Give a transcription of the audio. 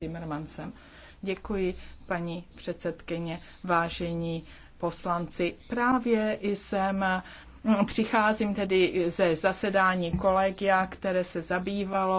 Timmermansem. Děkuji, paní předsedkyně, vážení poslanci. Právě jsem mm, přicházím tedy ze zasedání kolegia, které se zabývalo